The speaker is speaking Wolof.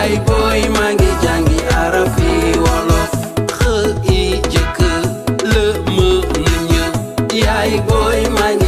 yaay booy maa ngi jàngi arafi wolof xë i jëkk lë mën ñë yaay booy